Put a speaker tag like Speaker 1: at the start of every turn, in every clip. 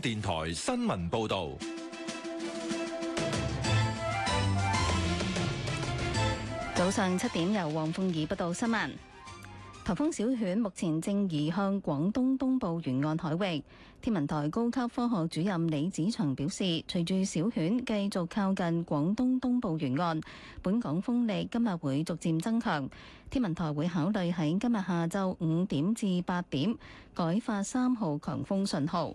Speaker 1: 電台新聞報道，
Speaker 2: 早上七點由黃鳳儀報道新聞。颱風小犬目前正移向廣東東部沿岸海域。天文台高級科學主任李子祥表示，隨住小犬繼續靠近廣東東部沿岸，本港風力今日會逐漸增強。天文台會考慮喺今日下晝五點至八點改發三號強風信號。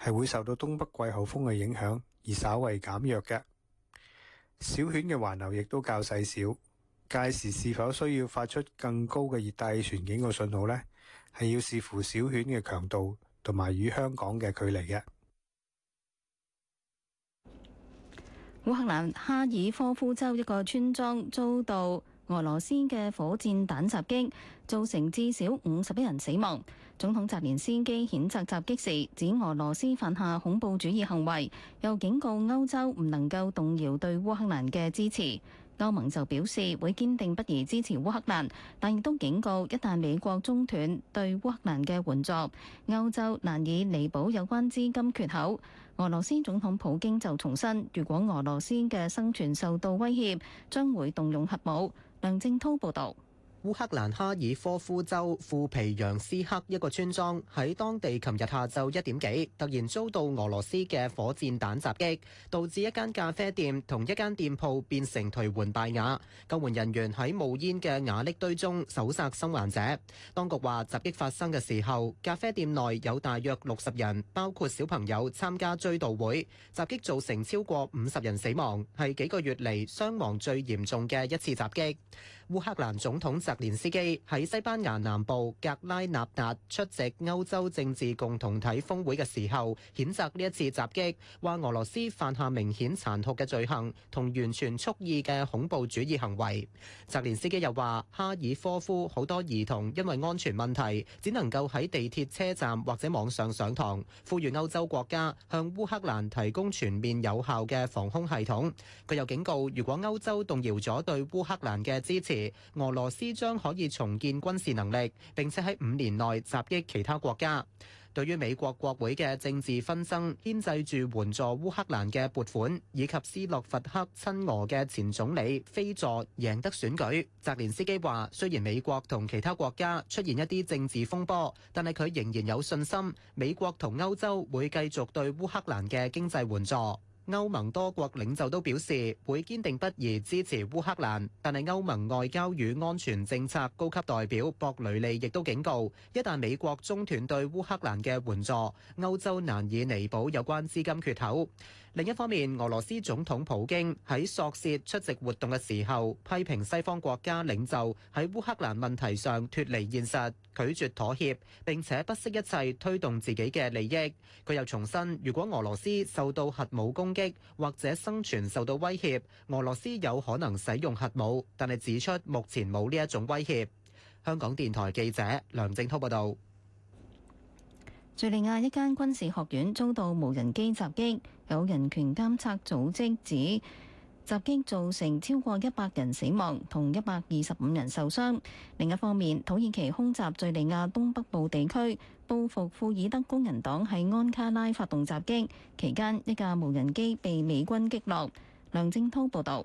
Speaker 1: 係會受到東北季候風嘅影響而稍為減弱嘅，小犬嘅環流亦都較細小。屆時是否需要發出更高嘅熱帶氣旋警告信號呢？係要視乎小犬嘅強度同埋與香港嘅距離嘅。
Speaker 2: 烏克蘭哈爾科夫州一個村莊遭到俄羅斯嘅火箭彈襲擊，造成至少五十一人死亡。總統澤連斯基譴責襲擊時，指俄羅斯犯下恐怖主義行為，又警告歐洲唔能夠動搖對烏克蘭嘅支持。歐盟就表示會堅定不移支持烏克蘭，但亦都警告一旦美國中斷對烏克蘭嘅援助，歐洲難以彌補有關資金缺口。俄羅斯總統普京就重申，如果俄羅斯嘅生存受到威脅，將會動用核武。梁正濤報道。烏克
Speaker 1: 蘭哈爾科夫州庫皮揚斯克一個村莊喺當地琴日下晝一點幾，突然遭到俄羅斯嘅火箭彈襲擊，導致一間咖啡店同一間店鋪變成頹垣敗瓦，救援人員喺冒煙嘅瓦礫堆中搜索生還者。當局話，襲擊發生嘅時候，咖啡店內有大約六十人，包括小朋友參加追悼會。襲擊造成超過五十人死亡，係幾個月嚟傷亡最嚴重嘅一次襲擊。烏克蘭總統澤連斯基喺西班牙南部格拉納達出席歐洲政治共同體峰會嘅時候，譴責呢一次襲擊，話俄羅斯犯下明顯殘酷嘅罪行同完全蓄意嘅恐怖主義行為。澤連斯基又話，哈爾科夫好多兒童因為安全問題，只能夠喺地鐵車站或者網上上堂，呼籲歐洲國家向烏克蘭提供全面有效嘅防空系統。佢又警告，如果歐洲動搖咗對烏克蘭嘅支持，俄羅斯，將可以重建軍事能力，並且喺五年內襲擊其他國家。對於美國國會嘅政治紛爭，牽制住援助烏克蘭嘅撥款，以及斯洛伐克親俄嘅前總理菲佐贏得選舉，澤連斯基話：雖然美國同其他國家出現一啲政治風波，但係佢仍然有信心美國同歐洲會繼續對烏克蘭嘅經濟援助。歐盟多國領袖都表示會堅定不移支持烏克蘭，但係歐盟外交與安全政策高級代表博雷利亦都警告，一旦美國中斷對烏克蘭嘅援助，歐洲難以彌補有關資金缺口。另一方面，俄羅斯總統普京喺索契出席活動嘅時候，批評西方國家領袖喺烏克蘭問題上脫離現實，拒絕妥協，並且不惜一切推動自己嘅利益。佢又重申，如果俄羅斯受到核武攻擊或者生存受到威脅，俄羅斯有可能使用核武，但係指出目前冇呢一種威脅。香港電台記者梁正滔報導。
Speaker 2: 敍利亞一間軍事學院遭到無人機襲擊。有人權監測組織指襲擊造成超過一百人死亡，同一百二十五人受傷。另一方面，土耳其空襲敘利亞東北部地區，報復庫爾德工人黨喺安卡拉發動襲擊，期間一架無人機被美軍擊落。梁正滔報導。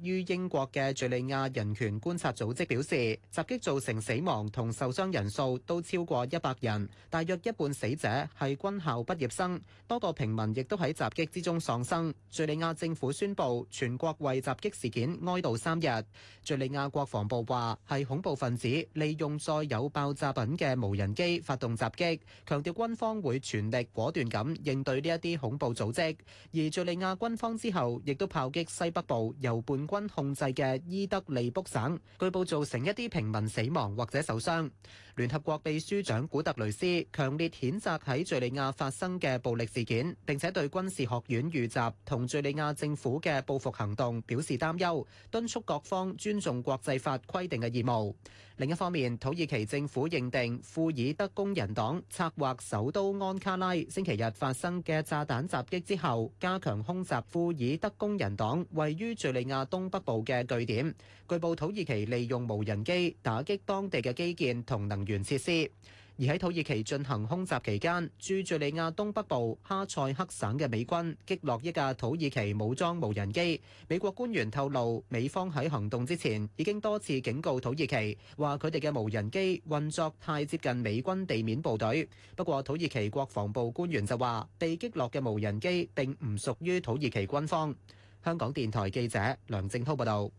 Speaker 1: 於英國嘅敘利亞人權觀察組織表示，襲擊造成死亡同受傷人數都超過一百人，大約一半死者係軍校畢業生，多個平民亦都喺襲擊之中喪生。敘利亞政府宣布全國為襲擊事件哀悼三日。敘利亞國防部話係恐怖分子利用載有爆炸品嘅無人機發動襲擊，強調軍方會全力果斷咁應對呢一啲恐怖組織。而敘利亞軍方之後亦都炮擊西北部右半。軍控制嘅伊德利卜省，據報造成一啲平民死亡或者受傷。聯合國秘書長古特雷斯強烈譴責喺敘利亞發生嘅暴力事件，並且對軍事學院遇襲同敘利亞政府嘅報復行動表示擔憂，敦促各方尊重國際法規定嘅義務。另一方面，土耳其政府認定庫爾德工人黨策劃首都安卡拉星期日發生嘅炸彈襲擊之後，加強空襲庫爾德工人黨位於敘利亞東北部嘅據點。據報土耳其利，利用無人機打擊當地嘅基建同能。原設施，而喺土耳其進行空襲期間，駐敘利亞東北部哈塞克省嘅美軍擊落一架土耳其武裝無人機。美國官員透露，美方喺行動之前已經多次警告土耳其，話佢哋嘅無人機運作太接近美軍地面部隊。不過土耳其國防部官員就話，被擊落嘅無人機並唔屬於土耳其軍方。香港電台記者梁正滔報道。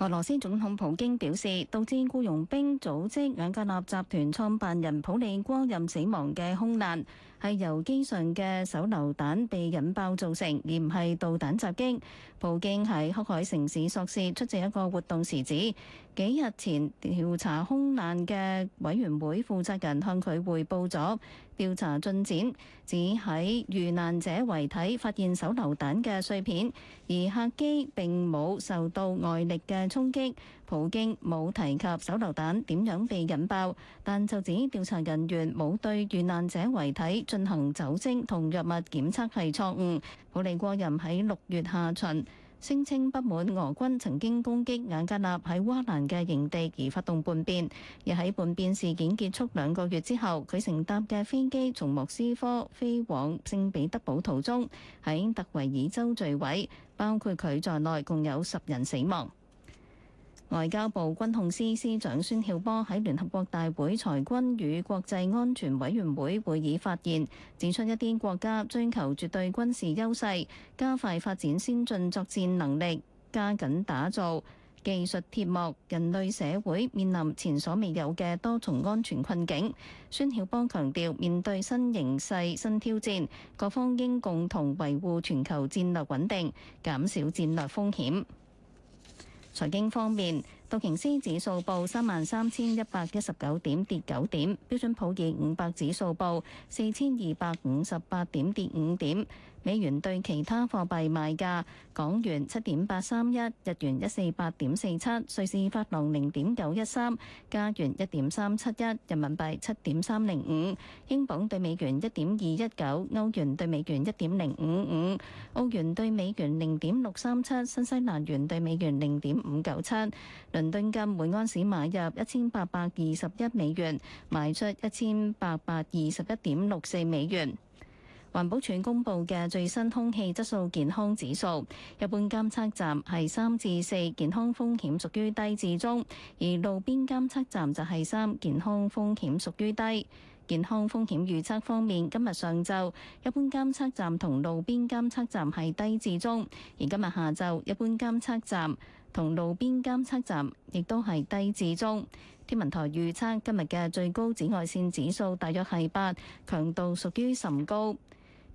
Speaker 2: 俄羅斯總統普京表示，導致雇傭兵組織“瓦格納集團”創辦人普利戈任死亡嘅空難，係由機上嘅手榴彈被引爆造成，而唔係導彈襲擊。普京喺黑海城市索契出席一個活動時指，幾日前調查空難嘅委員會負責人向佢匯報咗調查進展，指喺遇難者遺體發現手榴彈嘅碎片，而客機並冇受到外力嘅衝擊。普京冇提及手榴彈點樣被引爆，但就指調查人員冇對遇難者遺體進行酒精同藥物檢測係錯誤。普里戈津喺六月下旬聲稱不滿俄軍曾經攻擊瓦格納喺烏克蘭嘅營地而發動叛變，而喺叛變事件結束兩個月之後，佢乘搭嘅飛機從莫斯科飛往聖彼得堡途中喺特維爾州墜毀，包括佢在內共有十人死亡。外交部軍控司司長孫曉波喺聯合國大會裁軍與國際安全委員會會議發言，指出一啲國家追求絕對軍事優勢，加快發展先進作戰能力，加緊打造技術鐵幕，人類社會面臨前所未有嘅多重安全困境。孫曉波強調，面對新形勢、新挑戰，各方應共同維護全球戰略穩定，減少戰略風險。財經方面，道瓊斯指數報三萬三千一百一十九點跌九點，標準普爾五百指數報四千二百五十八點跌五點。美元兌其他貨幣賣價：港元七點八三一，日元一四八點四七，瑞士法郎零點九一三，加元一點三七一，人民幣七點三零五，英鎊對美元一點二一九，歐元對美元一點零五五，澳元對美元零點六三七，新西蘭元對美元零點五九七。倫敦金每安士買入一千八百二十一美元，賣出一千八百二十一點六四美元。環保署公布嘅最新空氣質素健康指數，一般監測站係三至四，健康風險屬於低至中；而路邊監測站就係三，健康風險屬於低。健康風險預測方面，今日上晝一般監測站同路邊監測站係低至中，而今日下晝一般監測站同路邊監測站亦都係低至中。天文台預測今日嘅最高紫外線指數大約係八，強度屬於甚高。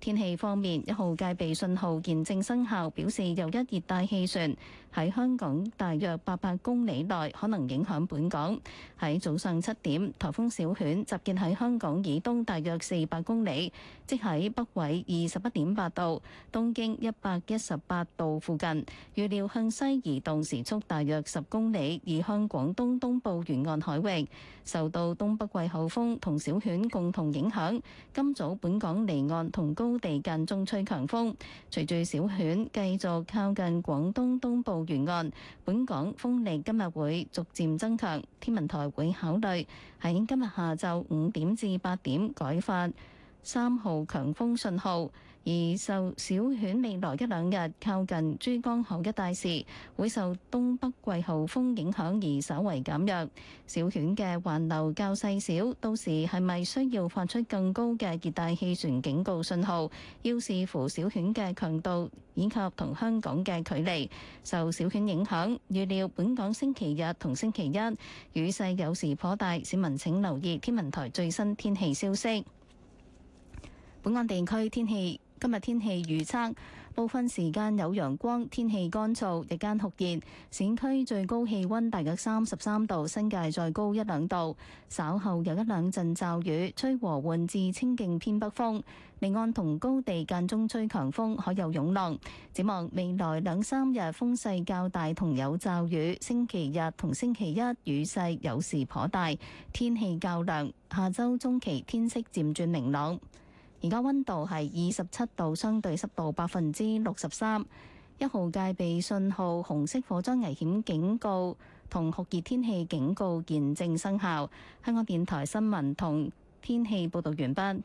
Speaker 2: 天氣方面，一號戒備信號現正生效，表示有一熱帶氣旋喺香港大約八百公里內可能影響本港。喺早上七點，台風小犬集結喺香港以東大約四百公里，即喺北緯二十一點八度、東經一百一十八度附近。預料向西移動時速大約十公里，移向廣東東部沿岸海域。受到東北季候風同小犬共同影響，今早本港離岸同高。地間中吹強風，隨住小犬繼續靠近廣東東部沿岸，本港風力今日會逐漸增強。天文台會考慮喺今日下晝五點至八點改發三號強風信號。而受小犬未來一兩日靠近珠江口一帶時，會受東北季候風影響而稍為減弱。小犬嘅環流較細小，到時係咪需要發出更高嘅熱帶氣旋警告信號，要視乎小犬嘅強度以及同香港嘅距離。受小犬影響，預料本港星期日同星期一雨勢有時頗大，市民請留意天文台最新天氣消息。本港地區天氣。今日天氣預測，部分時間有陽光，天氣乾燥，日間酷熱。市區最高氣温大約三十三度，新界再高一兩度。稍後有一兩陣驟雨，吹和緩至清勁偏北風。離岸同高地間中吹強風，可有湧浪。展望未來兩三日風勢較大同有驟雨，星期日同星期一雨勢有時頗大，天氣較涼。下周中期天色漸轉明朗。而家溫度係二十七度，相對濕度百分之六十三。一號戒備信號、紅色火災危險警告同酷熱天氣警告現正生效。香港電台新聞同天氣報道完畢。